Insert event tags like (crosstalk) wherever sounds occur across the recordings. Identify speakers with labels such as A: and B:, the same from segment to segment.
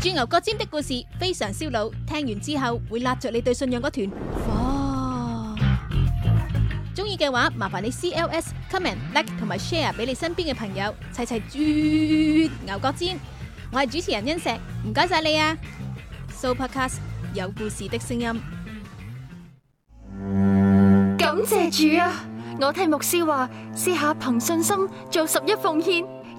A: 鑽牛角尖的故事非常燒腦，聽完之後會立着你對信仰嗰團火。中意嘅話，麻煩你 C L S comment like 同埋 share 俾你身邊嘅朋友，齊齊鑽牛角尖。我係主持人恩石，唔該晒你啊！Sooopodcast 有故事的聲音，感謝主啊！
B: 我聽牧師話，試下憑信心做十一奉獻。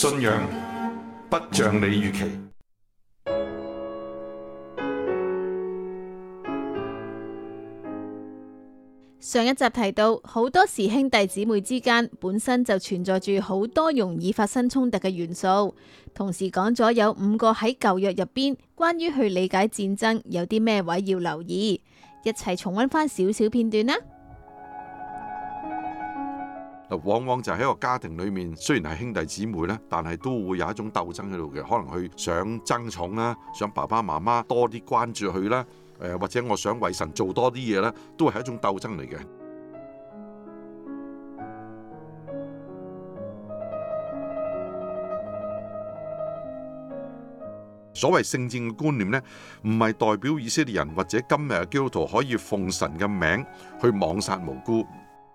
C: 信仰不像你預期。
A: 上一集提到，好多時兄弟姊妹之間本身就存在住好多容易發生衝突嘅元素。同時講咗有五個喺舊約入邊，關於去理解戰爭，有啲咩位要留意？一齊重溫返少少片段啦！
C: 往往就喺一個家庭裏面，雖然係兄弟姊妹咧，但係都會有一種鬥爭喺度嘅，可能佢想爭寵啦，想爸爸媽媽多啲關注佢啦，誒，或者我想為神做多啲嘢啦，都係一種鬥爭嚟嘅。所謂聖戰嘅觀念呢，唔係代表以色列人或者今日嘅基督徒可以奉神嘅名去妄殺無辜，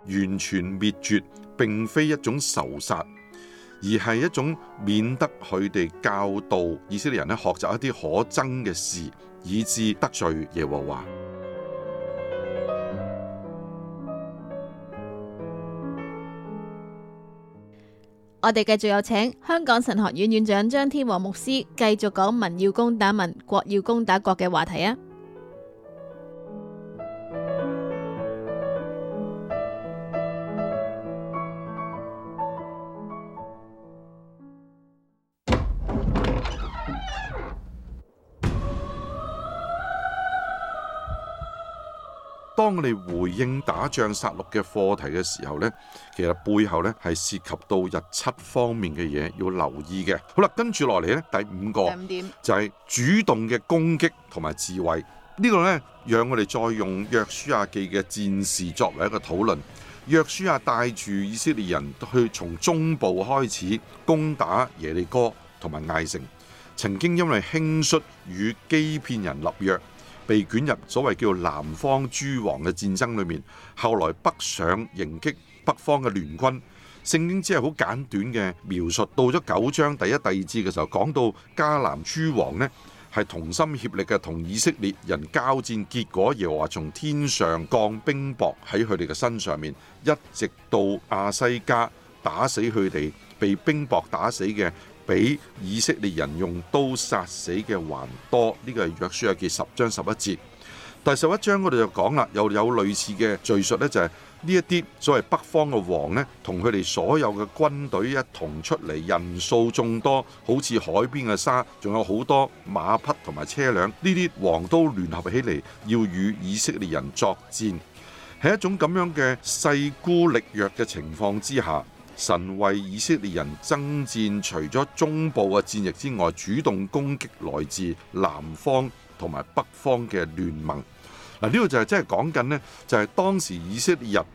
C: 完全滅絕。並非一種仇殺，而係一種免得佢哋教導以色列人咧，學習一啲可憎嘅事，以致得罪耶和華。
A: 我哋繼續有請香港神學院院長張天和牧師繼續講民要攻打民，國要攻打國嘅話題啊！
C: 當我哋回應打仗殺戮嘅課題嘅時候呢，其實背後呢，係涉及到日七方面嘅嘢，要留意嘅。好啦，跟住落嚟呢，第五個第五點就係、是、主動嘅攻擊同埋智慧呢、這個呢，讓我哋再用約書亞記嘅戰事作為一個討論。約書亞帶住以色列人去從中部開始攻打耶利哥同埋艾城，曾經因為輕率與欺騙人立約，被捲入所謂叫南方諸王嘅戰爭裏面，後來北上迎擊北方嘅聯軍。聖經只係好簡短嘅描述，到咗九章第一、第二節嘅時候，講到迦南諸王呢係同心協力嘅同以色列人交戰，結果又話從天上降冰雹喺佢哋嘅身上面，一直到亞西加打死佢哋，被冰雹打死嘅，比以色列人用刀殺死嘅還多，呢、這個係約書亞記十章十一節。第十一章我哋就講啦，又有類似嘅敘述呢就係呢一啲所謂北方嘅王呢同佢哋所有嘅軍隊一同出嚟，人數眾多，好似海邊嘅沙，仲有好多馬匹同埋車輛，呢啲王都聯合起嚟要與以色列人作戰，喺一種咁樣嘅勢孤力弱嘅情況之下。神為以色列人爭戰，除咗中部嘅戰役之外，主動攻擊來自南方同埋北方嘅聯盟。嗱、啊、呢、這個就係即係講緊呢，就係、是就是、當時以色列人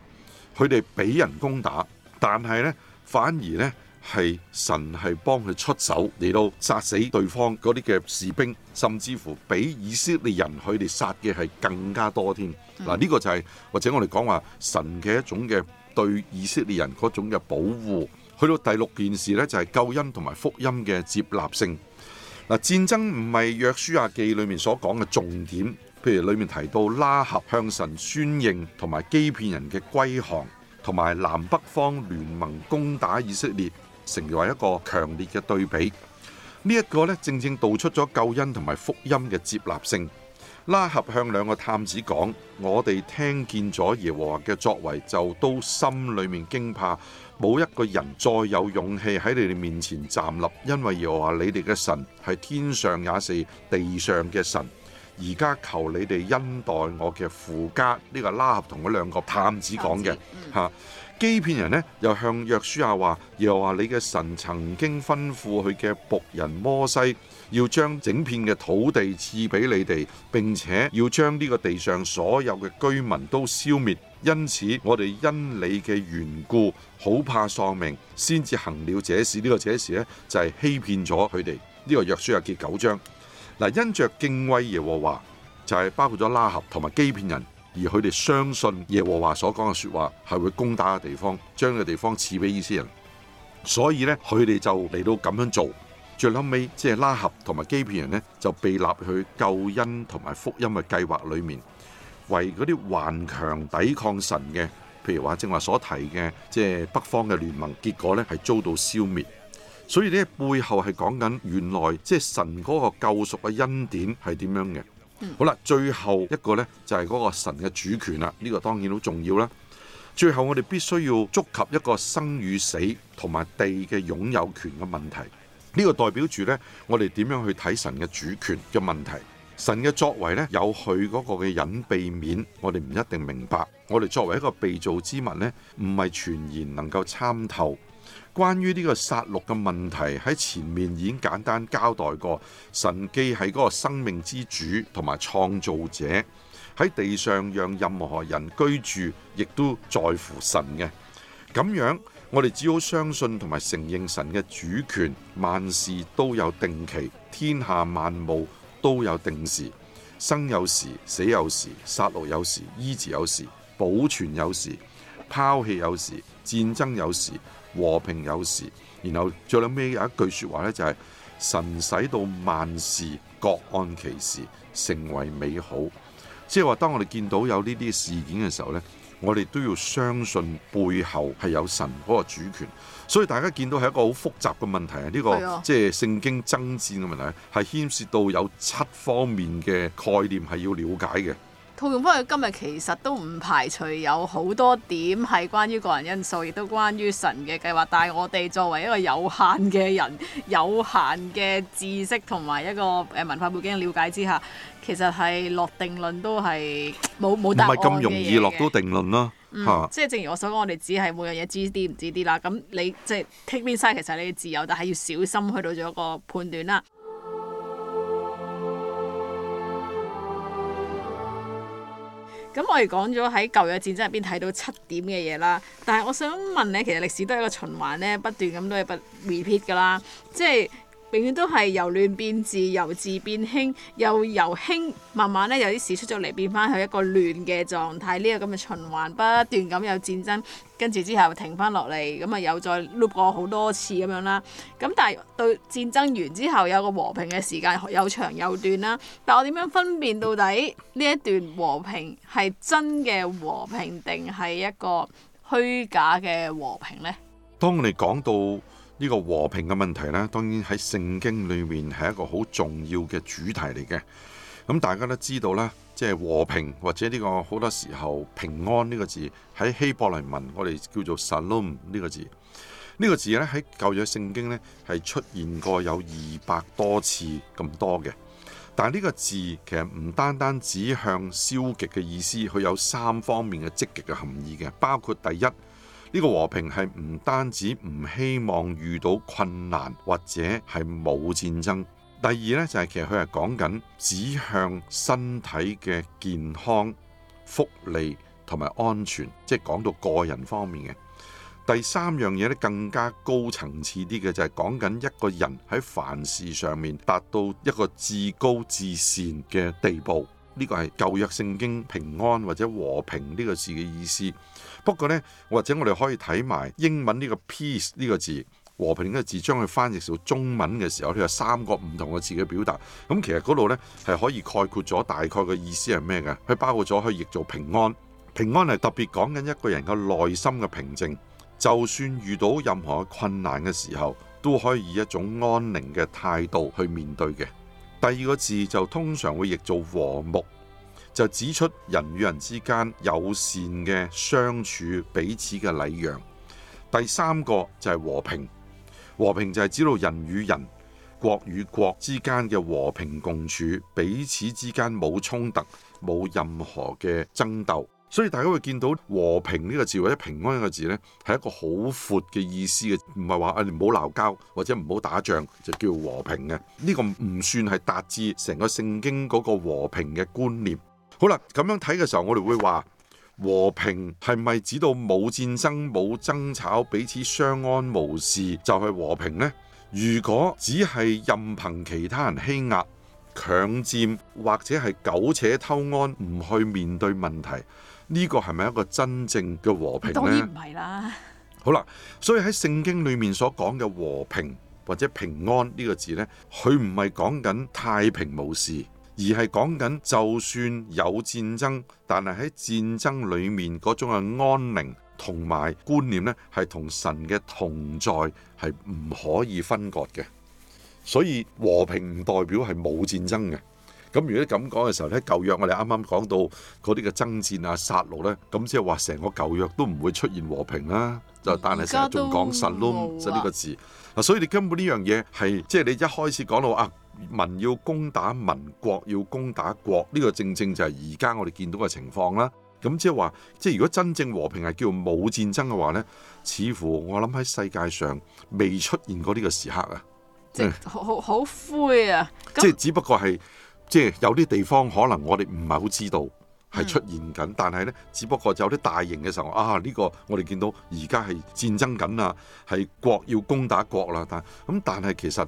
C: 佢哋俾人攻打，但係呢，反而呢係神係幫佢出手嚟到殺死對方嗰啲嘅士兵，甚至乎俾以色列人佢哋殺嘅係更加多添。嗱、啊、呢、這個就係、是、或者我哋講話神嘅一種嘅。對以色列人嗰種嘅保護，去到第六件事呢，就係救恩同埋福音嘅接納性。嗱，戰爭唔係約書亞記裏面所講嘅重點，譬如裏面提到拉合向神宣認，同埋欺騙人嘅歸降，同埋南北方聯盟攻打以色列，成為一個強烈嘅對比。呢、這、一個呢，正正道出咗救恩同埋福音嘅接納性。拉合向兩個探子講：我哋聽見咗耶和華嘅作為，就都心裏面驚怕，冇一個人再有勇氣喺你哋面前站立，因為耶和華你哋嘅神係天上也是地上嘅神。而家求你哋恩待我嘅父家，呢、這個拉合同嗰兩個探子講嘅嚇。欺、嗯、騙人呢又向約書亞話：耶和華你嘅神曾經吩咐佢嘅僕人摩西。要將整片嘅土地賜俾你哋，並且要將呢個地上所有嘅居民都消滅。因此，我哋因你嘅緣故，好怕喪命，先至行了這事。呢、這個這事呢，就係、是、欺騙咗佢哋。呢、這個約書亞記九章，嗱，因着敬畏耶和華，就係、是、包括咗拉合同埋欺騙人，而佢哋相信耶和華所講嘅說話係會攻打嘅地方，將個地方賜俾以色列人。所以呢，佢哋就嚟到咁樣做。最後尾即係拉合同埋基遍人呢，就被納去救恩同埋福音嘅計劃裏面，為嗰啲頑強抵抗神嘅，譬如話正話所提嘅，即係北方嘅聯盟，結果呢，係遭到消滅。所以呢，背後係講緊原來即係神嗰個救贖嘅恩典係點樣嘅。好啦，最後一個呢，就係嗰個神嘅主權啦，呢個當然好重要啦。最後我哋必須要觸及一個生與死同埋地嘅擁有權嘅問題。呢、這個代表住呢，我哋點樣去睇神嘅主權嘅問題？神嘅作為呢，有佢嗰個嘅隱秘面，我哋唔一定明白。我哋作為一個被造之物呢，唔係全然能夠參透。關於呢個殺戮嘅問題，喺前面已經簡單交代過。神既係嗰個生命之主同埋創造者，喺地上讓任何人居住，亦都在乎神嘅。咁樣。我哋只好相信同埋承認神嘅主權，萬事都有定期，天下萬物都有定時，生有時，死有時，殺戮有時，醫治有時，保存有時，拋棄有時，戰爭有時，和平有時。然後最尾有一句說話呢、就是？就係神使到萬事各按其時，成為美好。即係話，當我哋見到有呢啲事件嘅時候呢。我哋都要相信背後係有神嗰個主權，所以大家見到係一個好複雜嘅問題啊！呢個即係聖經爭戰嘅問題，係牽涉到有七方面嘅概念，係要了解嘅。.
D: 不過今日其實都唔排除有好多點係關於個人因素，亦都關於神嘅計劃。但係我哋作為一個有限嘅人，有限嘅知識同埋一個誒文化背景嘅瞭解之下，其實係落定論都係冇冇答案嘅。唔係咁容易落到
C: 定論啦，嗯啊，即
D: 係正如我所講，我哋只係每樣嘢知啲唔知啲啦。咁你即係、就是、take inside 其實你自由，但係要小心去到咗一個判斷啦。咁我哋講咗喺舊約戰爭入邊睇到七點嘅嘢啦，但係我想問咧，其實歷史都係一個循環咧，不斷咁都係不 repeat 㗎啦，即係。永遠都係由亂變治，由治變興，又由興慢慢咧有啲事出咗嚟，變翻去一個亂嘅狀態，呢個咁嘅循環不斷咁有戰爭，跟住之後停翻落嚟，咁啊又再 loop 過好多次咁樣啦。咁但係對戰爭完之後有個和平嘅時間，有長有短啦。但我點樣分辨到底呢一段和平係真嘅和平定係一個虛假嘅和平呢？
C: 當你講到呢個和平嘅問題呢，當然喺聖經裏面係一個好重要嘅主題嚟嘅。咁、嗯、大家都知道啦，即係和平或者呢個好多時候平安呢個字喺希伯來文，我哋叫做 shalom 呢個字。呢個字呢喺舊約聖經呢係出現過有二百多次咁多嘅。但係呢個字其實唔單單指向消極嘅意思，佢有三方面嘅積極嘅含義嘅，包括第一。呢個和平係唔單止唔希望遇到困難，或者係冇戰爭。第二呢，就係其實佢係講緊指向身體嘅健康、福利同埋安全，即係講到個人方面嘅。第三樣嘢呢，更加高層次啲嘅就係講緊一個人喺凡事上面達到一個至高至善嘅地步。呢個係舊約聖經平安或者和平呢個字嘅意思。不過呢，或者我哋可以睇埋英文呢個 peace 呢個字和平呢個字，將佢翻譯成中文嘅時候，佢有三個唔同嘅字嘅表達。咁其實嗰度呢，係可以概括咗大概嘅意思係咩嘅？佢包括咗可以譯做平安，平安係特別講緊一個人嘅內心嘅平靜，就算遇到任何困難嘅時候，都可以以一種安寧嘅態度去面對嘅。第二個字就通常會譯做和睦。就指出人與人之間友善嘅相處，彼此嘅禮讓。第三個就係和平，和平就係知道人與人、國與國之間嘅和平共處，彼此之間冇衝突，冇任何嘅爭鬥。所以大家會見到和平呢個字或者平安呢個字呢，係一個好闊嘅意思嘅，唔係話啊你唔好鬧交或者唔好打仗就叫和平嘅。呢個唔算係達至成個聖經嗰個和平嘅觀念。好啦，咁樣睇嘅時候我，我哋會話和平係咪指到冇戰爭、冇爭吵、彼此相安無事就係、是、和平呢？如果只係任憑其他人欺壓、強占或者係苟且偷安，唔去面對問題，呢、這個係咪一個真正嘅和平咧？當然唔係啦。好啦，所以喺聖經裏面所講嘅和平或者平安呢個字呢，佢唔係講緊太平無事。而係講緊，就算有戰爭，但係喺戰爭裏面嗰種嘅安寧同埋觀念呢，係同神嘅同在係唔可以分割嘅。所以和平唔代表係冇戰爭嘅。咁如果你咁講嘅時候呢，舊約我哋啱啱講到嗰啲嘅爭戰啊、殺戮呢、啊，咁即係話成個舊約都唔會出現和平啦、啊。就但係成日仲講神咯，就呢個字。嗱，所以你根本呢樣嘢係，即係你一開始講到啊。民要攻打民國，要攻打國，呢個正正就係而家我哋見到嘅情況啦。咁即係話，即係如果真正和平係叫冇戰爭嘅話呢，似乎我諗喺世界上未出現過呢個時刻啊！即係、嗯、
D: 好，好灰啊！
C: 即係只不過係，即係有啲地方可能我哋唔係好知道係出現緊、嗯，但係呢只不過就有啲大型嘅時候啊，呢個我哋見到而家係戰爭緊啊，係國要攻打國啦，但咁、嗯、但係其實。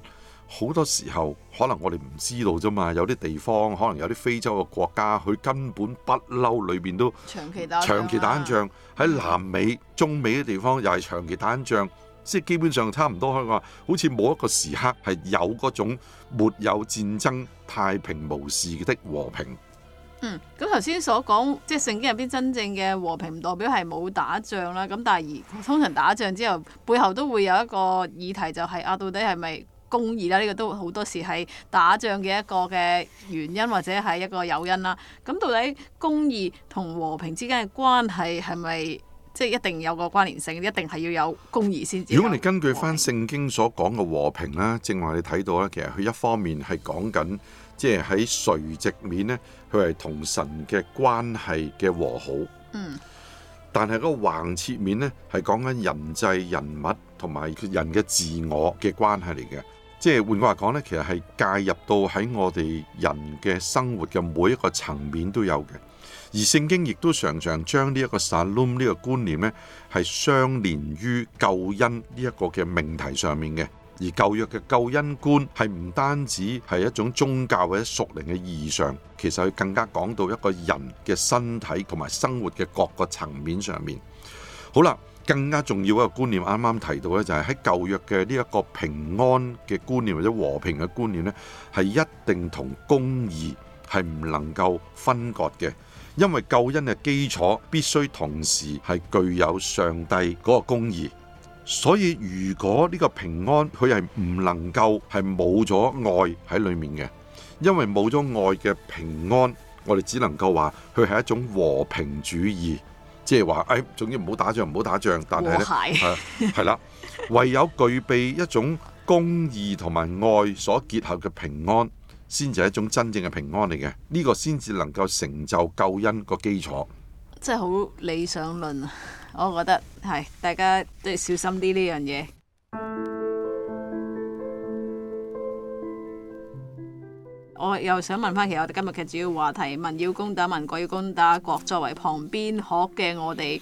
C: 好多時候可能我哋唔知道啫嘛，有啲地方可能有啲非洲嘅國家，佢根本不嬲，裏邊都
D: 長期打仗，長
C: 期打仗。喺、啊、南美、中美嘅地方又係長期打仗，即係基本上差唔多可以話，好似冇一個時刻係有嗰種沒有戰爭、太平無事嘅和平。
D: 嗯，咁頭先所講即係聖經入邊真正嘅和平，唔代表係冇打仗啦。咁但係而通常打仗之後，背後都會有一個議題，就是，就係啊，到底係咪公義啦，呢個都好多時係打仗嘅一個嘅原因，或者係一個誘因啦。咁到底公義同和平之間嘅關係係咪即係一定有個關聯性？一定係要有公義先至。如果你
C: 根據翻聖經所講嘅和平啦，正話你睇到咧，其實佢一方面係講緊即係喺垂直面呢，佢係同神嘅關係嘅和好。嗯。但係個橫切面呢，係講緊人際人物同埋人嘅自我嘅關係嚟嘅。即係換句話講咧，其實係介入到喺我哋人嘅生活嘅每一個層面都有嘅。而聖經亦都常常將呢一個 shalom 呢個觀念咧，係相連於救恩呢一個嘅命題上面嘅。而舊約嘅救恩觀係唔單止係一種宗教或者屬靈嘅意義上，其實佢更加講到一個人嘅身體同埋生活嘅各個層面上面。好啦。更加重要嘅觀念，啱啱提到咧，就係喺舊約嘅呢一個平安嘅觀念或者和平嘅觀念咧，係一定同公義係唔能夠分割嘅，因為救恩嘅基礎必須同時係具有上帝嗰個公義。所以如果呢個平安佢係唔能夠係冇咗愛喺裡面嘅，因為冇咗愛嘅平安，我哋只能夠話佢係一種和平主義。即係話，誒、哎，總之唔好打仗，唔好打仗，但係咧，係啦， (laughs) 唯有具備一種公義同埋愛所結合嘅平安，先至係一種真正嘅平安嚟嘅。呢、這個先至能夠成就救恩個基礎。
D: 即係好理想論啊！我覺得係，大家都要小心啲呢樣嘢。我又想問翻，其實我哋今日嘅主要話題，民要攻打民，國要攻打國，作為旁邊學嘅我哋。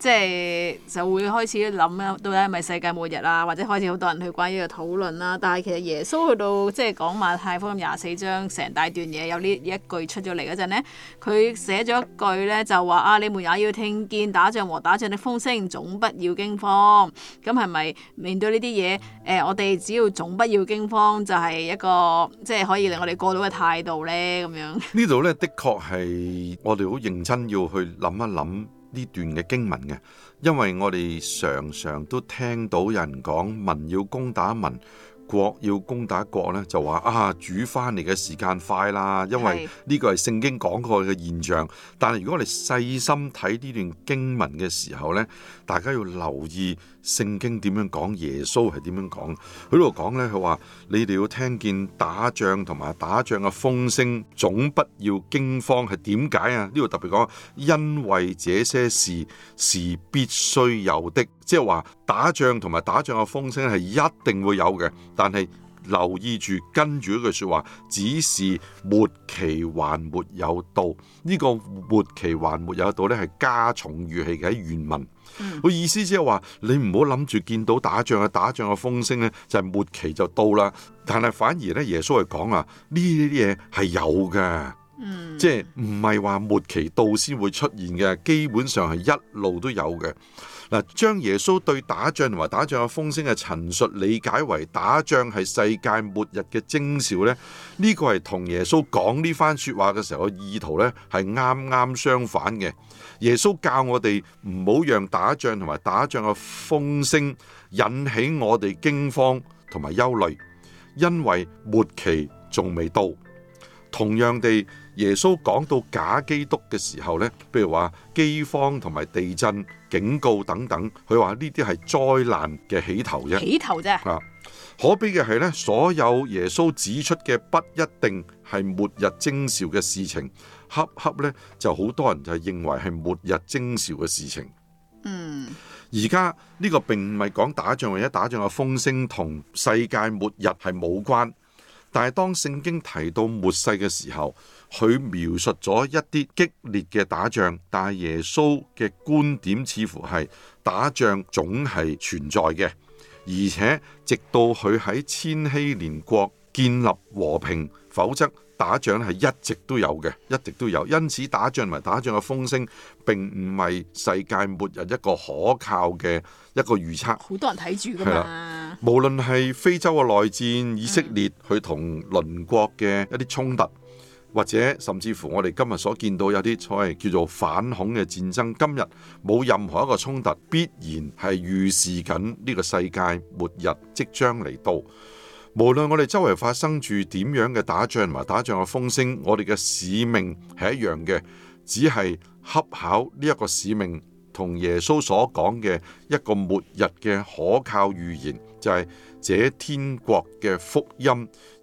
D: 即係就會開始諗啊，到底係咪世界末日啊？或者開始好多人去關於呢個討論啦、啊。但係其實耶穌去到即係講馬太福音廿四章成大段嘢，有呢一句出咗嚟嗰陣咧，佢寫咗一句呢，就話啊：你們也要聽見打仗和打仗的風聲，總不要驚慌。咁係咪面對呢啲嘢？誒、呃，我哋只要總不要驚慌，就係、是、一個即係可以令我哋過到嘅態度呢。咁樣
C: 呢度呢，的確係我哋好認真要去諗一諗。呢段嘅經文嘅，因為我哋常常都聽到人講民要攻打民，國要攻打國呢，就話啊，主返嚟嘅時間快啦，因為呢個係聖經講過嘅現象。但係如果我哋細心睇呢段經文嘅時候呢，大家要留意聖經點樣講，耶穌係點樣講。佢度講呢，佢話你哋要聽見打仗同埋打仗嘅風聲，總不要驚慌。係點解啊？呢度特別講，因為這些事是必須有的，即係話打仗同埋打仗嘅風聲係一定會有嘅。但係留意住跟住一句説話，只是末期還沒有到。呢、呢個末期還沒有到呢，係加重語氣嘅，喺原文。佢、嗯、意思即係話你唔好諗住見到打仗啊，打仗嘅風聲呢，就係末期就到啦。但係反而呢，耶穌係講啊，呢啲嘢係有嘅，即係唔係話末期到先會出現嘅，基本上係一路都有嘅。嗱，將耶穌對打仗同埋打仗嘅風聲嘅陳述理解為打仗係世界末日嘅徵兆呢，呢、呢個係同耶穌講呢番說話嘅時候嘅意圖呢係啱啱相反嘅。耶穌教我哋唔好讓打仗同埋打仗嘅風聲引起我哋驚慌同埋憂慮，因為末期仲未到。同樣地，耶穌講到假基督嘅時候呢，譬如話饑荒同埋地震。警告等等，佢話呢啲係災難嘅起頭啫，起頭啫。啊，可悲嘅係呢，所有耶穌指出嘅不一定係末日徵兆嘅事情，恰恰呢，就好多人就係認為係末日徵兆嘅事情。嗯，而家呢個並唔係講打仗，或者打仗嘅風聲同世界末日係冇關。但係當聖經提到末世嘅時候，佢描述咗一啲激烈嘅打仗，但係耶穌嘅觀點似乎係打仗總係存在嘅，而且直到佢喺千禧年國建立和平，否則打仗係一直都有嘅，一直都有。因此打仗同埋打仗嘅風聲，並唔係世界末日一個可靠嘅一個預測。好
D: 多人睇住㗎嘛。
C: 無論係非洲嘅內戰、以色列佢同鄰國嘅一啲衝突，或者甚至乎我哋今日所見到有啲，所謂叫做反恐嘅戰爭。今日冇任何一個衝突必然係預示緊呢個世界末日即將嚟到。無論我哋周圍發生住點樣嘅打仗同埋打仗嘅風聲，我哋嘅使命係一樣嘅，只係恰巧呢一個使命同耶穌所講嘅一個末日嘅可靠預言。就係、是、這天國嘅福音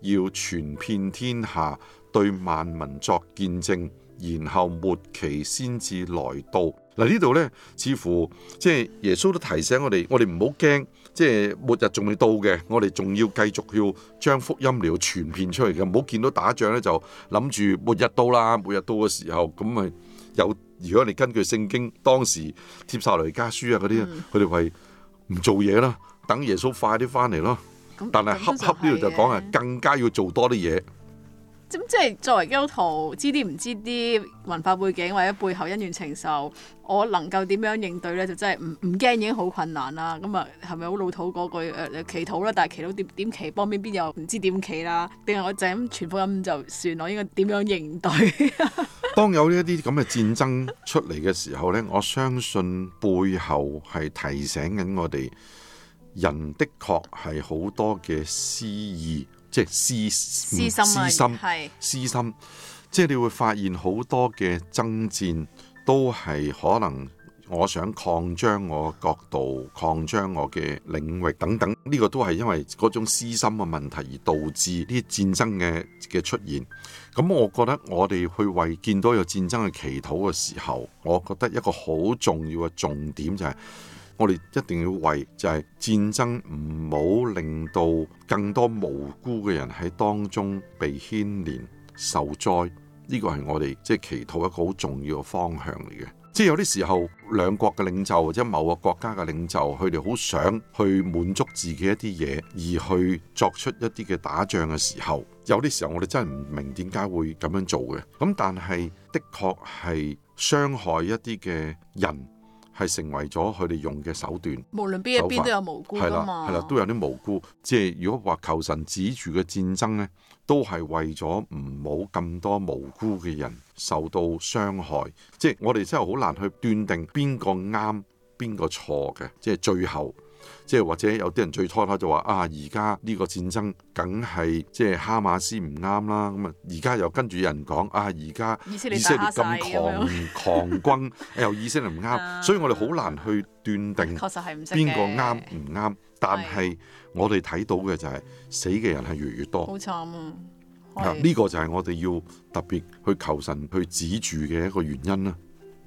C: 要傳遍天下，對萬民作見證，然後末期先至來到。嗱呢度呢，似乎即係、就是、耶穌都提醒我哋，我哋唔好驚，即、就、係、是、末日仲未到嘅，我哋仲要繼續要將福音嚟到傳遍出嚟嘅，唔好見到打仗呢，就諗住末日到啦。末日到嘅時候咁咪有，如果你根據聖經當時帖撒羅尼迦書啊嗰啲，佢哋話唔做嘢啦。等耶穌快啲翻嚟咯。但係，恰恰呢度就講、是、係更加要做多啲嘢。
D: 咁即係作為基督徒，知啲唔知啲文化背景或者背後恩怨情仇，我能夠點樣應對咧？就真係唔唔驚已經好困難啦。咁啊，係咪好老土嗰句誒祈禱咧？但係祈禱點點祈，幫邊邊又唔知點祈啦？定係我就咁傳福音就算？我應該點樣應對？
C: (laughs) 當有呢一啲咁嘅戰爭出嚟嘅時候咧，我相信背後係提醒緊我哋。人的確係好多嘅私意，即係私心，私心。私心即係你會發現好多嘅爭戰，都係可能我想擴張我角度、擴張我嘅領域等等。呢、這個都係因為嗰種私心嘅問題而導致呢啲戰爭嘅嘅出現。咁我覺得我哋去為見到有戰爭嘅祈禱嘅時候，我覺得一個好重要嘅重點就係、是。我哋一定要為就係戰爭唔好令到更多無辜嘅人喺當中被牽連受災，呢個係我哋即係祈禱一個好重要嘅方向嚟嘅。即係有啲時候兩國嘅領袖或者某個國家嘅領袖，佢哋好想去滿足自己的一啲嘢，而去作出一啲嘅打仗嘅時候，有啲時候我哋真係唔明點解會咁樣做嘅。咁但係的確係傷害一啲嘅人。係成為咗佢哋用嘅手段，
D: 無論邊一邊都有無辜啊嘛。係啦，係啦，
C: 都有啲無辜。即係如果話求神指住嘅戰爭呢，都係為咗唔好咁多無辜嘅人受到傷害。即係我哋真係好難去斷定邊個啱，邊個錯嘅。即係最後。即係或者有啲人最初就就話，啊而家呢個戰爭梗係即係哈馬斯唔啱啦，咁啊而家又跟住人講，啊而家以色列咁狂 (laughs) 狂轟 (laughs) 又以色列唔啱， (laughs) 所以我哋好難去斷定
D: 邊個啱唔
C: 啱。但係我哋睇到嘅就係死嘅人係越來越多，
D: 嗱、啊，呢個
C: 就係我哋要特別去求神去止住嘅一個原因啦。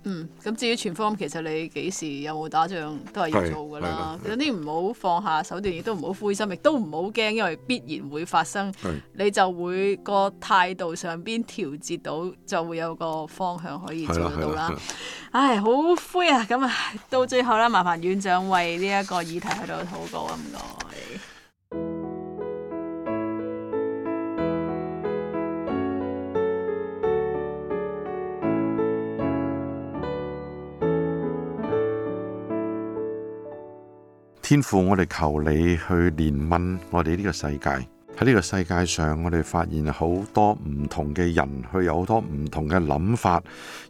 D: 嗯，咁至於全方其實你幾時有冇打仗都係要做噶啦。有啲唔好放下手段，亦都唔好灰心，亦都唔好驚，因為必然會發生，的你就會個態度上邊調節到，就會有個方向可以做得到啦。唉，好灰啊！咁啊，到最後啦，麻煩院長為呢一個議題喺度禱告啊，唔
B: 該。
C: 天父，我哋求你去憐憫我哋呢個世界。喺呢個世界上，我哋發現好多唔同嘅人，佢有好多唔同嘅諗法，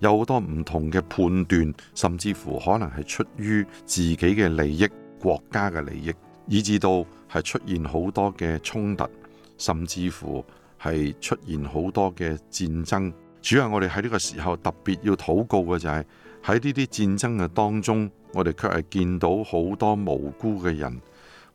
C: 有好多唔同嘅判斷，甚至乎可能係出於自己嘅利益，國家嘅利益，以至到係出現好多嘅衝突，甚至乎係出現好多嘅戰爭。主要我哋喺呢個時候特別要禱告嘅就係喺呢啲戰爭嘅當中。我哋卻係見到好多無辜嘅人，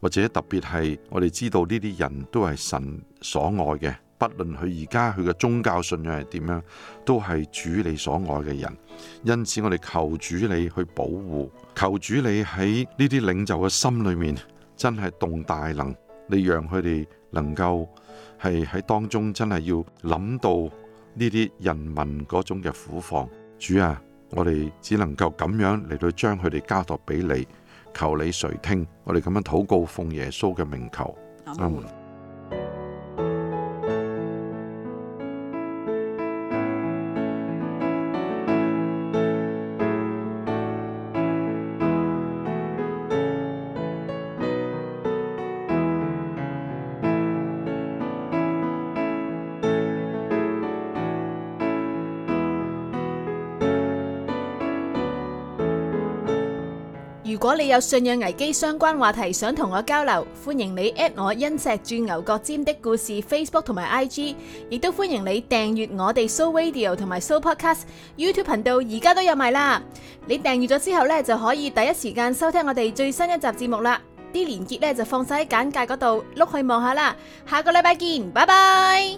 C: 或者特別係我哋知道呢啲人都係神所愛嘅，不論佢而家佢嘅宗教信仰係點樣，都係主你所愛嘅人。因此我哋求主你去保護，求主你喺呢啲領袖嘅心裏面，真係動大能，你讓佢哋能夠係喺當中真係要諗到呢啲人民嗰種嘅苦況。主啊！我哋只能夠咁樣嚟到將佢哋交託俾你，求你垂聽。我哋咁樣禱告，奉耶穌嘅名求，阿門。
A: 你有信仰危機相關話題想同我交流，歡迎你 at 我《恩石鑽牛角尖的故事》Facebook 同埋 IG，亦都歡迎你訂閱我哋 Sooo Radio 同埋 Sooo Podcast YouTube 頻道，而家都有埋啦。你訂閱咗之後咧，就可以第一時間收聽我哋最新一集節目啦。啲連結咧就放晒喺簡介嗰度，碌去望下啦。下個禮拜見，拜拜。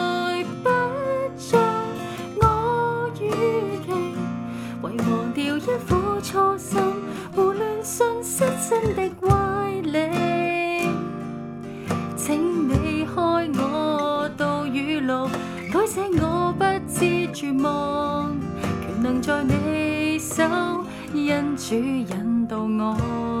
B: 絕望，權能在你手，因主引導我。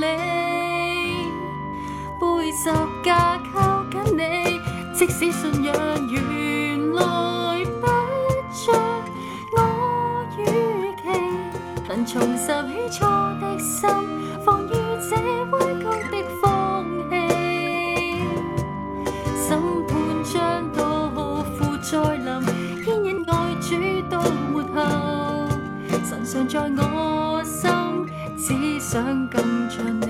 B: 你背十架，靠緊你，即使信仰原來不像我預期，能重拾起初的心。想更近。